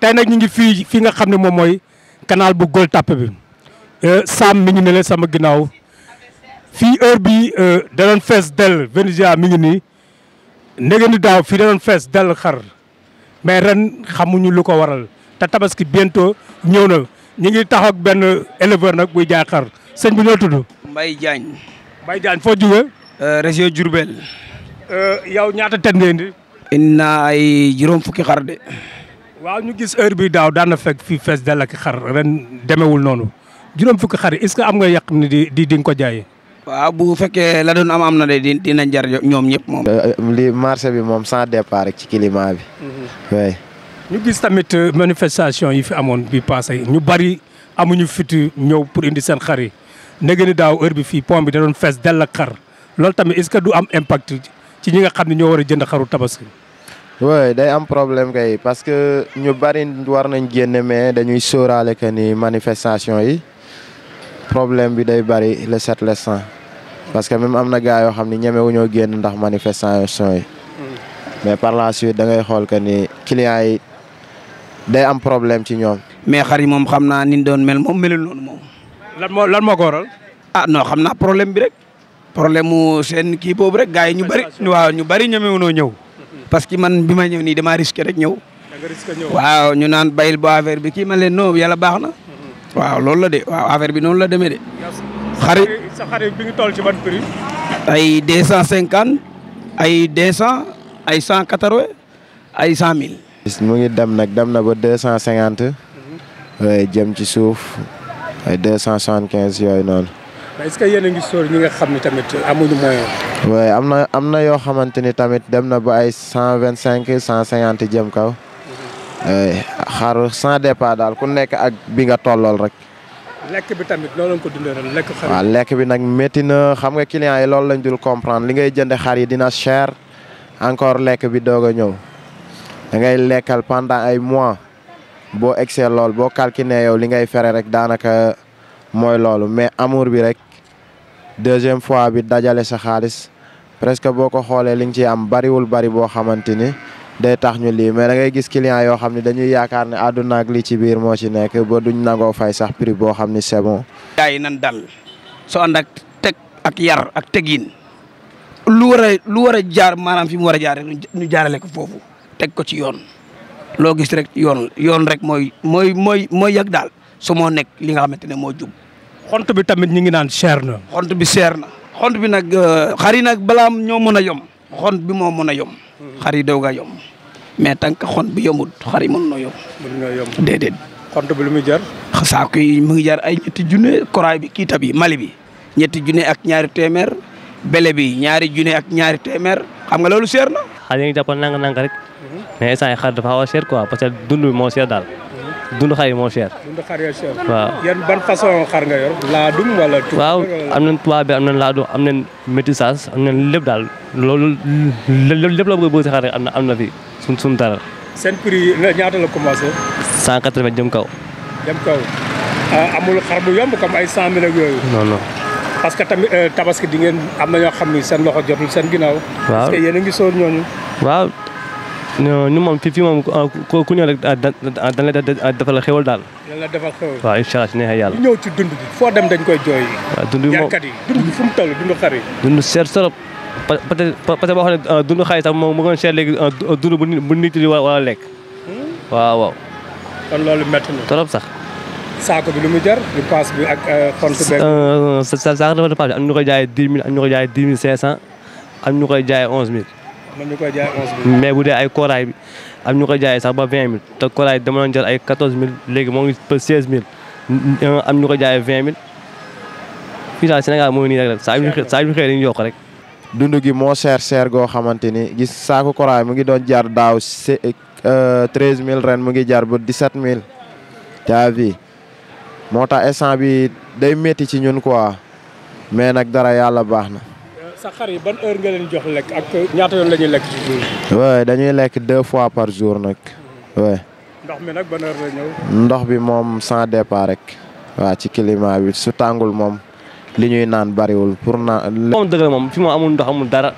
te nag ñu ngi fii fi nga xam ne moom mooy kanaal bu Gueule tàpp bi euh, Sam mi ngi ne leen sama ginnaaw fii heure bi euh, da doon fees dell Venezia mi ngi nii ndege ni daaw fii da doon fees dell xar mais ren xamuñu lu ko waral te tabaski bento ñëw na ñu ngi tax benn éleveur nag buy jaay xar sëñ bi noo tudd. Mbaye Diagne. Mbaye Diagne foo jógee. Euh, région jurbel yow ñaata tet nga indi. indi naa ay juróom fukki xar de. waaw ñu gis heure bi daaw daan na fekk fii fees dell ak xar ren demewul noonu juróom fukki xar est-ce que am nga yàq ni di di nga ko jaayee. waaw bu fekkee la doon am am na de di dinañ jar ñoom ñëpp moom. Euh, euh, li marché bi moom sans départ rek ci climat bi. Mhm. ñu gis tamit euh, manifestation yi fi amoon bi passé ñu bari amuñu fitu ñëw pour indi seen xar yi ndege daaw heure bi fii pont bi da fees dell ak xar loolu tamit est-ce que du am impact ci ñi nga xam ne ñoo war a jënd xaru tabaski. Ouais, day am problème kay parce que ñu bari war nañu génn mais dañuy soralé que ni manifestation yi problème bi day bari le 7 le 100 parce que même amna na yo xamni ñëmé wuñu ñemewuñoo génn ndax manifestation yi mais par la suite da ngay xol que ni client yi day am problème ci ñom mais xari mom xamna ni doon mel mom melul non mom lan mo lan moo ko waral. ah non xamna problème bi rek problème mu sen ki bobu rek gaay ñu bari. ñu bari wuñu ñëw. parce que man bi ma ñëw nii demaa risque rek ñëw. waaw ñu naan bayil bo affaire bi kii man leen non yàlla baax na. Mm-hmm. waaw loolu la de waaw affaire bi noonu la demee de. xarit sa ay deux cent cinquante ay deux cent ay cent quatre ay cent mille. mu ngi dem nag dem na ba deux cent cinquante. Mm-hmm. jëm ci suuf ay deux cent soixante-quinze yooyu noonu. mais est-ce que yéen a ngi sóor nga xam ne tamit amuñu moyen. oui am na am na yoo xamante ni tamit dem na ba ay cent vingt cinq cent cinquante jëm kaw. Mm-hmm. xaru sans départ daal ku nekk ak bi nga tollool rek. lekk bi tamit noonu ko dundee ren bi nag métti na xam nga clients yi loolu lañ dul comprendre li ngay jënd xar yi dina cher encore lekk bi doog a ñëw da ngay lekkal pendant ay mois boo egsee lool boo calculé yow li ngay fere rek daanaka mooy loolu mais amour bi rek. deuxième fois bi dajalé sa xaliss presque boko xolé xoolee li nga ciy am bariwul bari bo xamanteni day tax ñu li mais da ngay gis client yo xamni dañuy yaakar ne aduna ak li ci biir mo ci nekk bo duñ nangoo fay sax prix bo xamni c'est bon. gars nan dal so andak tek ak yar ak tegin lu wara lu wara jaar manam fi mu wara jaar ñu jaarale ko fofu tek ko ci yoon lo gis rek yoon yoon rek moy moy moy moy yak dal su mo nek li nga xamantene mo xont bi tamit ñu ngi naan cher na. xont bi cher na xont bi nag euh, xar yi nag balaam ñoo mën a yomb xont bi moo mën a yom hmm. xar yi doog a yomb mais tant que xont bi yombut xar yi mën na yomb. mën na yomb déedéet. xont bi lu muy jar. saako yi mu ngi jar ay ñetti junne koraay bi kiita bi mali bi ñetti junne ak ñaari téeméer bele bi ñaari junne ak ñaari téeméer xam nga loolu cher na. xar yi ngi jàppoon nang-nang rek hmm. dafa xaw a cher quoi dund moo cher daal. dund xar yi cher. dund xar cher. waaw ban façon xar nga yor laadum wala. waaw am nañ bi am nañ laadum métissage am nañ lépp daal loolu la bëgg bëgg xar rek am na fi prix ñaata la commencé. 180 jëm kaw. jëm kaw ah, amul xar bu yomb comme ay 100 ak yooyu. non non. parce que tamit euh, tabaski di ngeen am loxo jotul parce que ngi ñooñu. waaw. ñu moom fii fii moom ku ñëw rek dañ la defal xewal daal. dañ la defal xewal waaw incha allah si neexee yàlla. ñëw ci dund bi foo dem dañ koy jooy. waaw dund bi moom dund bi fu mu toll dund xar yi. dund seer trop parce que parce que boo euh, sax moo gën a seer léegi euh, dund bu nit bu a lekk. Hmm? waaw waaw. kon loolu métti na trop sax. saako bi lu muy jar di paas bi ak compte euh, beeg. sa sa saako dafa am ñu koy jaayee dix mille am ñu koy jaayee dix koy jaayee onze mille. man ñu koy jaayee mais bu dee ay kooraay bi am ñu koy jaayee sax ba vingt mille te kooraay bi dama doon jël ay quatorze mille léegi moo ngi ba seize mille am ñu ko jaayee vingt mille fii daal Sénégal moo ngi nii saa yu ñu xëy saa rek. dund gi moo cher cher goo xamante ni gis saako kooraay mu ngi doon jaar daaw se euh, treize mille ren mu ngi jaar ba dix sept mille caa bi moo tax instant bi day métti ci ñun quoi mais nag dara yàlla baax na. sa xar yi ban heure nga leen jox lekk ak ñaata yoon la ñuy lekk ci dañuy lekk deux fois par jour nag. oui. ndox mi nag ban heure ndox bi moom sans départ rek. waa ci climat bi su tàngul moom li ñuy naan bariwul pour naan. moom moom fi moom amul ndox amul dara.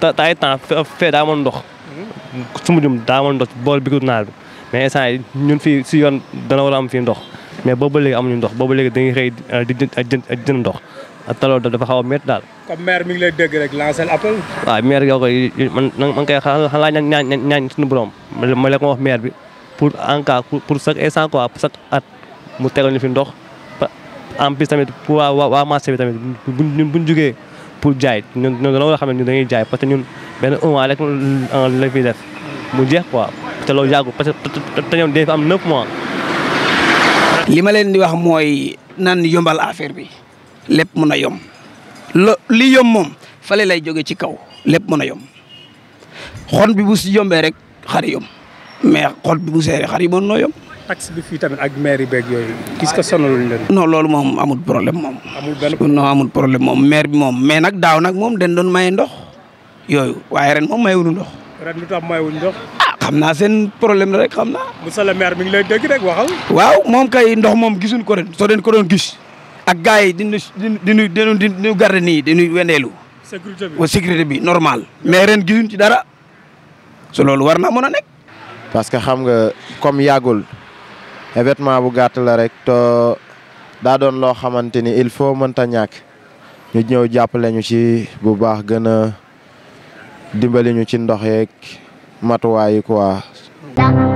te te ay temps fee daa amoon ndox. Hmm. su ma ndox bool bi ko naar mais instant yi ñun fii si yoon dana war a am ndox mais boobu ba léegi amuñu ndox boobu ba léegi dañuy xëy di jënd ndox te loolu dafa xaw a métti daal. comme maire mi ngi lay dégg rek lancer appel. waaw maire yow koy man man kay xanaa laaj ñaan ñaan suñu borom ma wax maire bi pour en cas pour chaque instant quoi chaque at mu tegal ñu fi ndox en plus tamit pour waa waa marché bi tamit bu ñun jugee pour jaay ñun ñun dañoo war a xam ne ñun dañuy jaay parce que ñun benn un mois mu jeex quoi te lool yàggu parce que te ñoom dañ fi am neuf mois. li ma leen di wax mooy nan yombal affaire bi lépp mun a yomb. li yom mom fale lay joge ci kaw lepp mo na yom xon bi bu si yombe rek xari yom mais xol bi bu seeree xari yi no yom. taxe bi fi tamit ak maire bi ak yoy gis ko sonaluñ len non loolu mom amul problème mom amul ben non amul problème mom maire bi mom mais nak daw nak mom den don may ndox yoy waye ren moom mayewuñu ndox. ren lu tax mayewuñu ndox. xamna sen problème rek xamna naa. monsieur le maire mi ngi lay deug rek waxal. waw mom kay ndox mom gisun ko ren so den ko don gis. di nu di nu di nu di ni di nu di sécurité bi sécurité bi normal mais ren gisuñ ci dara su loolu warna mëna nek parce que xam nga comme yagul événement bu gatt la rek to da doon lo xamanteni il faut mënta ñak ñu ñew jappalé ñu ci bu baax gëna dimbali ñu ci ndox yek matuwaay quoi